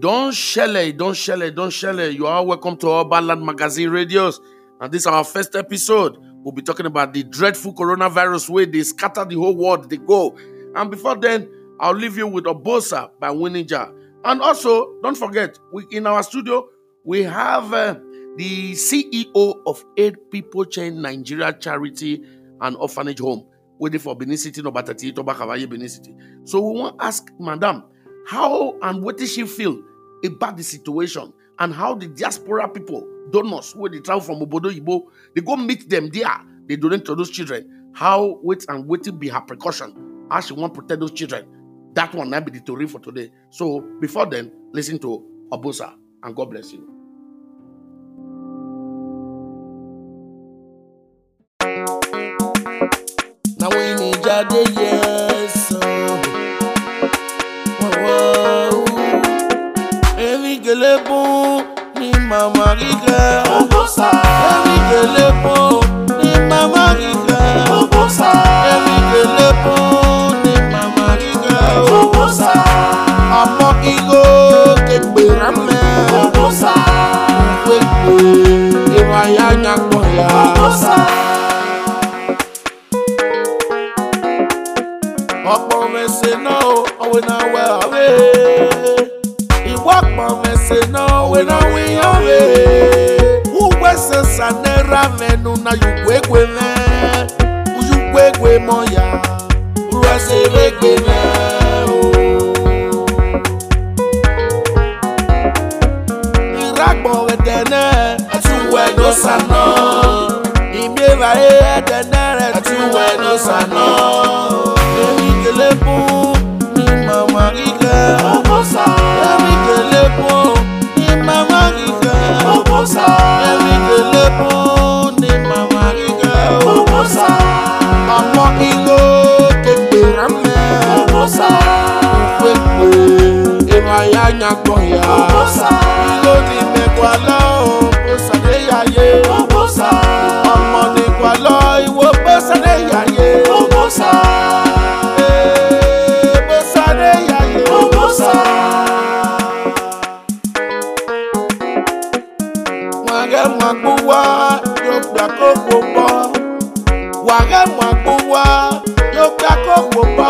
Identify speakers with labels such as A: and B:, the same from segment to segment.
A: do Shele, Idon Shele, not Shele. You are welcome to our Land Magazine Radios. And this is our first episode. We'll be talking about the dreadful coronavirus Where they scatter the whole world, they go. And before then, I'll leave you with Obosa by Wininja. And also, don't forget, we, in our studio, we have uh, the CEO of Eight People Chain Nigeria Charity and Orphanage Home, waiting for Benin City, Nobatati, Tobakawaye, Benin City. So we want ask, Madam, how and what did she feel about the situation and how the diaspora people, donors who they travel from Obodo Ibo, they go meet them there, they don't introduce children. How wait and waiting be her precaution. How she want to protect those children. That one might be the story for today. So before then, listen to Obosa and God bless you. Now we need your day, yeah. ọmọ rí gẹ́. Ògbóṣà. Ẹ̀rí gẹ́lẹ́ pọ̀. ekwe moya ruaseregbeme o. iragbọ wedene etuwe dosanọ imiera ye edenere etuwe dosanọ emi kele bu ni mama ile ọmọsa emi kele bu ni mama ile ọmọsa. anya gboya. Ló ní mẹ́kọ̀ọ́ lọ, ó sàdé yàyé. Ọmọ nìkọ̀ọ́ lọ, ìwọ bó sàdé yàyé. Bó eh, sàdé yàyé. Wàhẹ́ mọ̀ gbówá, yóò gbà kó gbogbo. Wàhẹ́ mọ̀ gbówá, yóò gbà kó gbogbo.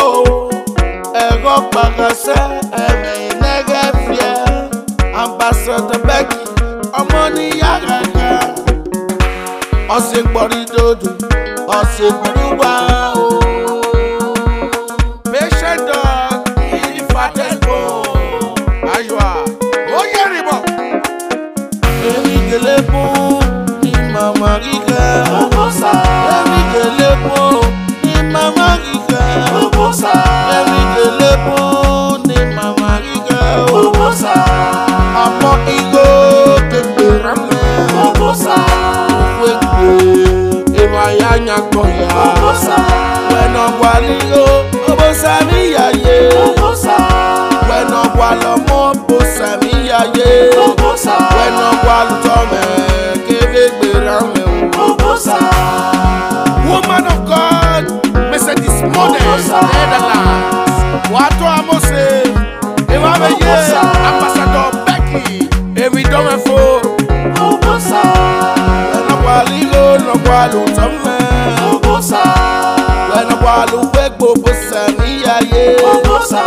A: Ẹ̀rọ pàrọ̀ sẹ́ ẹ̀rọ. ọsẹ gbọrí dodo ọsẹ burúkú àwọn. wali o obosa mi yaye obosa wena wala mo obosa mi yaye obosa wena wala tome kebe gbera me o obosa woman of god message this morning netherlands wato amose ewa yé, ambassador becky ewi domefo obosa wena wali lo lo wala tome obosa wa ló ní ayé. Kòkòsà.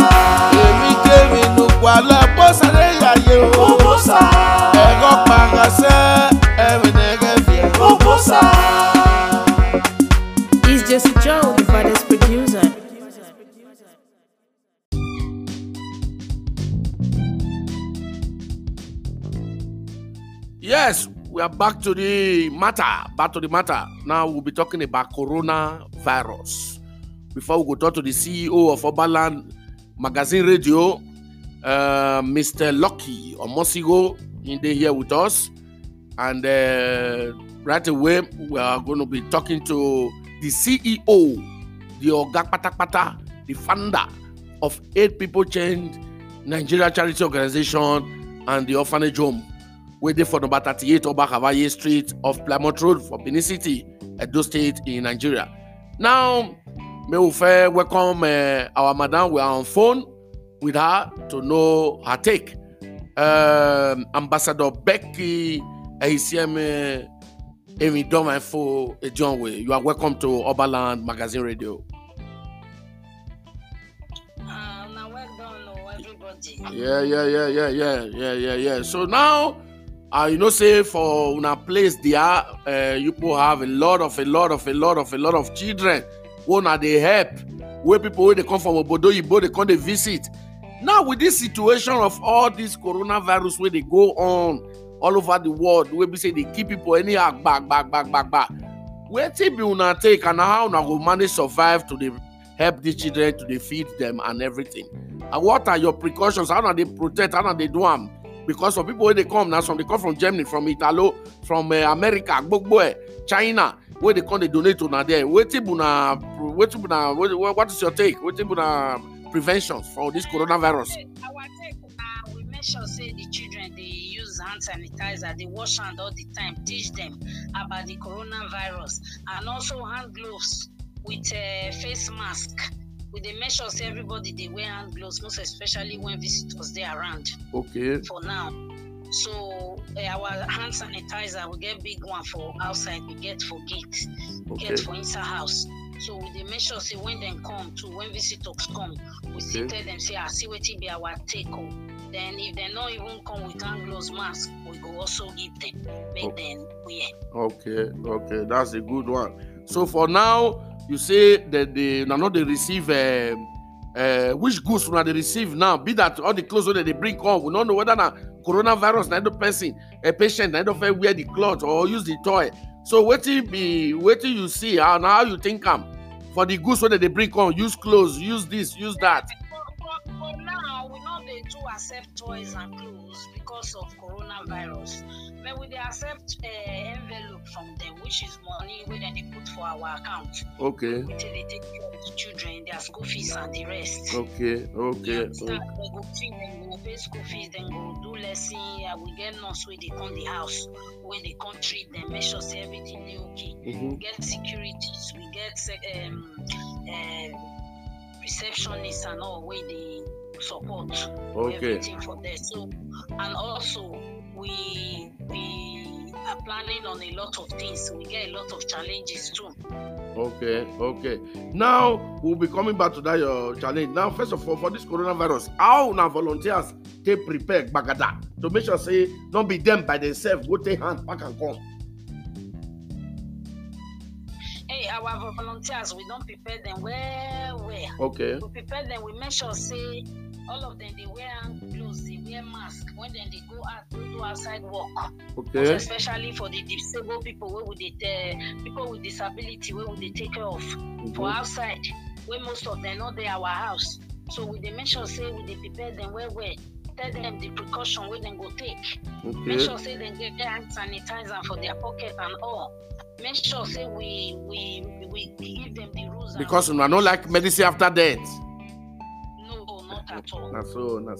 A: Èmi jẹ́mi nùkú alábọ́sà ní ayé o. Ẹ̀rọ parasẹ́ ẹ̀rìn nẹ́gẹ́ fìẹ́. Kòkòsà. It's Jesse Joe, the father's producer. Yes, we are back to the matter. Back to the matter. Now we'll be talking about coronavirus. before we go talk to the CEO of Oberland Magazine Radio, uh, Mr. Lucky Omosigo, in there here with us. And uh, right away, we are going to be talking to the CEO, the Oga the founder of Eight People Change Nigeria Charity Organization and the Orphanage Home. Waiting for number 38 Oba Havaye Street of Plymouth Road for Benin City, Edo State in Nigeria. Now, May we fair welcome uh, our madam. We are on phone with her to know her take. Um, Ambassador Becky Ehisieme um, Emidoma eh, for John Way. You are welcome to Oberland Magazine Radio. Ah, oh, yeah yeah yeah yeah yeah yeah yeah yeah so now uh, you know say for una place there uh, you will have a lot of a lot of a lot of a lot of children wey are they help Where people where they come from obodo oyibo they come dey visit now with this situation of all this coronavirus where they go on all over the world where we say dey kill pipo anyhow back. Where be una take and how una go manage survive to the help these children to dey feed them and everything and what are your precautions how do they protect how do they do them? because some people where they come now, some they come from germany from italo from eh, america gbogbo china wey dey come dey donate una there wetin una wetin una what is your take wetin una preventions for this coronavirus. our take na uh, we make sure say the children dey
B: use hand sanitizer dey wash hand all the time teach them about the coronavirus and also hand gloves with uh, face mask we dey make sure say everybody dey wear hand gloves most especially when visitors dey around.
A: okay for
B: now so uh, our hand sanitizer we get big one for outside we get for gate okay. get for inside house so we dey make sure say when dem come to when visitors come we still okay. tell dem say ah see wetin be our take o oh. then if dem no even come with hand gloves mask we go also give dem make
A: okay. dem wear. okay okay that's a good one so for now you say that they na no they receive. Uh, uh, which goods una dey receive now be that all the clothes wey dem dey bring come we no know whether na coronavirus na either person a patient na either fit wear the cloth or use the toy so wetin be wetin you see and how you think am for the goods wey dem dey bring come use clothes use this use that
B: we know they do accept toys and clothes because of coronavirus. May we they accept uh, envelope from them, which is money where they put for our account. Okay. Until they take care of the children, their school fees and the rest.
A: Okay, okay. So okay.
B: They go feed them, go pay school fees, then go do lesson. Uh, we get nurse where they come the house, where they come treat them, make sure say everything is okay. Mm-hmm. We get securities, we get um, uh, eh, receptionists and all where they support okay. everything for them. So, and also we we are planning on a lot of things. We get a lot of challenges
A: too. Okay, okay. Now we'll be coming back to that your challenge. Now, first of all, for this coronavirus, how now volunteers take prepare bagada to make sure say don't be them by themselves. Go take hand back and come.
B: Hey, our volunteers we don't prepare them well well. okay we prepare them we make sure say all of them they wear gloves they wear mask when then they go out to do outside work okay Most especially for the disabled people where would they uh, people with disability where would they take care of mm-hmm. for outside where most of them not there our house so we they make sure say we they prepare them where where, tell them the precaution where they go take
C: okay.
A: make sure
B: say they get their hand sanitizer for their pocket and all make sure say we we we,
A: we give them the rules because we are not like medicine after death That's so, that's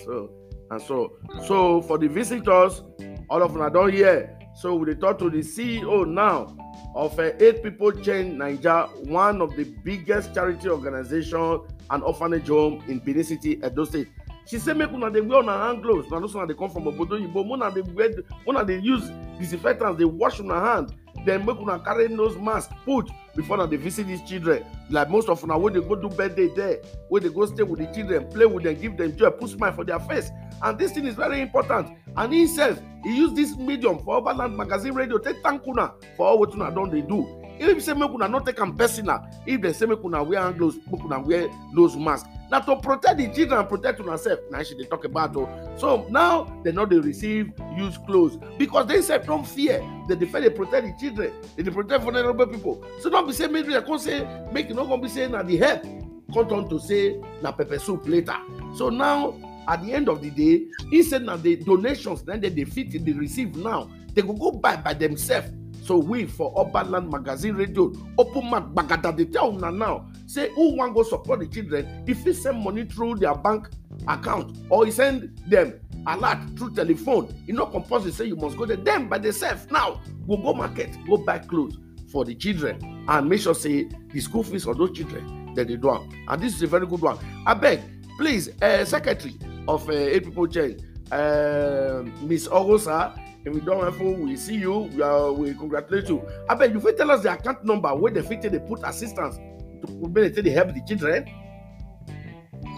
A: so, that's so. So for the visitors, all of them are don hear. So we talk to the CEO now of uh, Eight People Change Niger, one of the biggest charity organization and orphanage home in Benin City, Edo State. She said, make una they wear on hand gloves, na those they come from obodo But una they wear, una they use disinfectants they wash their hand dem make una carry nose mask put before na dey visit these children like most of una wey dey go do birthday there wey dey go stay with the children play with them give them joy put smile for their face and this thing is very important and he sef he use this medium for overland magazine radio take thank una for all wetin una don dey do if say make una no take am personal if dem say make una wear hand gloves make una wear nose mask That to protect the children and protect ourselves. Now she they talk about oh. So now they know they receive used clothes because they said don't fear. They defend they protect the children. They, they protect vulnerable people. So don't be saying maybe they can't say make you not gonna be saying that the help. Come on to say na pepper soup later. So now at the end of the day, instead of the donations then they, they fit they receive now, they go go buy by themselves So we for Urban Land Magazine Radio, open mouth bagada dey tell una now say who want go support the children if he send money through their bank account or he send them alert through telephone e no compulsory say you must go there Them by themselves now go go market go buy clothes for the children and make sure say the school fees for those children that they do am and this is a very good one I beg, please uh, secretary of uh, eh, eight people change uh, ms ogosa If we don't have we see you. We, are, we congratulate you. I bet you tell us the account number where they fit they put assistance to make to help the children.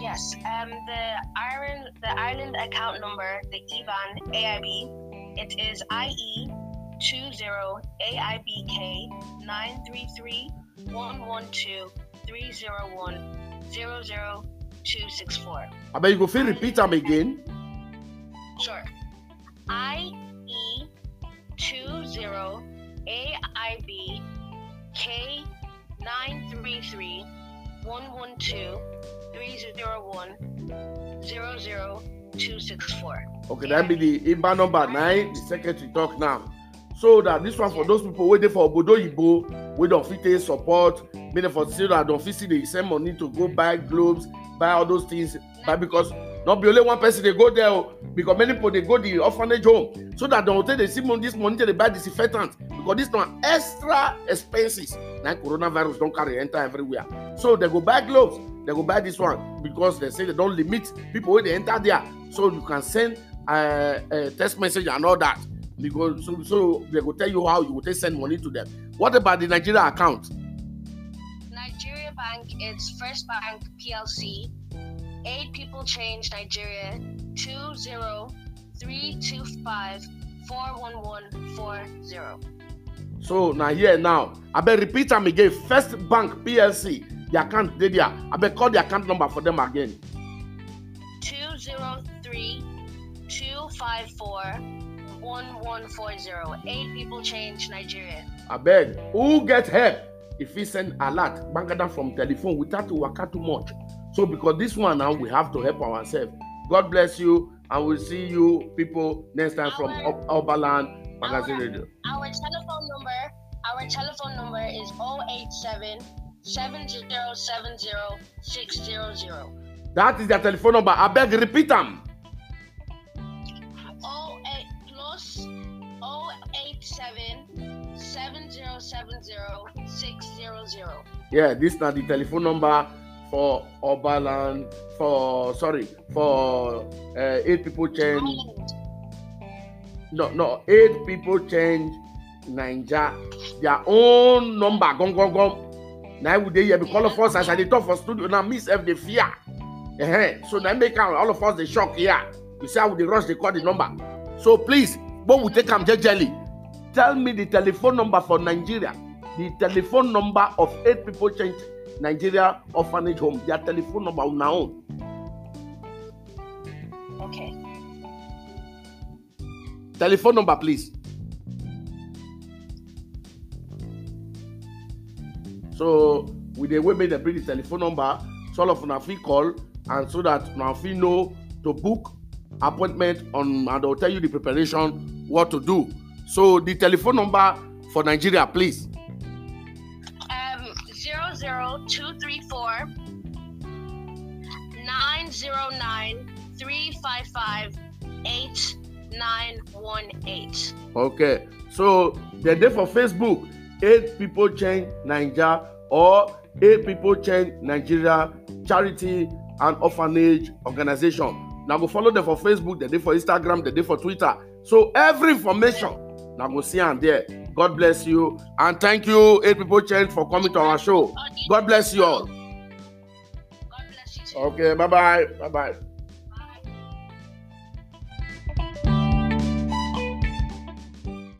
C: Yes, um, the Ireland the Ireland account number, the IBAN AIB, it is IE two zero AIBK nine three three one one two three zero one zero zero two six four.
A: I bet you feel repeat them again.
C: Sure. I 20 AIB K933 112 301
A: 00264. Okay, that be the IBA number nine, the second secretary talk now. So that this one for those people waiting for Obodo Ibo, we don't fit take support, meaning for still that don't fit see the same money to go buy globes, buy all those things, but because not be only one person they go there o oh, because many people they go the orphanage home so that dem go take dey see money this money take dey buy disinfectant because this na extra expenses na coronavirus don't carry enter everywhere so they go buy gloves they go buy this one because they say they don't limit people when they enter there so you can send a uh, uh, text message and all that because so so they will tell you how you will send money to them what about the nigeria account
C: nigeria bank is first bank plc Eight people change Nigeria 20325411140.
A: So now here now, I bet repeat them again. First Bank PLC, the account did there. I bet call the account number for them again.
C: 203 254 Eight people change Nigeria.
A: I beg. Who get help? If he send alert, bank them from telephone without to out too much. So, because this one now we have to help ourselves. God bless you, and we'll see you people next time our, from Oberland Magazine our, Radio.
C: Our telephone number, our telephone number is 087 600.
A: That is their telephone number. I beg repeat them. 08
C: plus 087 7070600.
A: Yeah, this is the telephone number for Oberland, for sorry, for uh, eight people change. No, no, eight people change Ninja, their own number. Gong, gong, gong. Now would they hear because of us as I talk for studio now miss if they fear. Uh-huh. So now make all of us the shock here. You see how they rush they call the number. So please, when we take them jelly, tell me the telephone number for Nigeria. The telephone number of eight people change Nigeria Orphanage Home. Their telephone number now. Okay. Telephone number, please. So with the wait make bring the telephone number so all of una fit call and so that una fit know to book appointment on and they will tell you the preparation what to do. So the telephone number for Nigeria, please.
C: 234 909 355 8918.
A: Okay, so the day for Facebook, eight people change Nigeria or eight people change Nigeria charity and orphanage organization. Now go follow them for Facebook, the day for Instagram, the day for Twitter. So every information Now go see and there. God bless you. And thank you, eight people change for coming to our show. God bless you all. Okay, bye bye. Bye bye.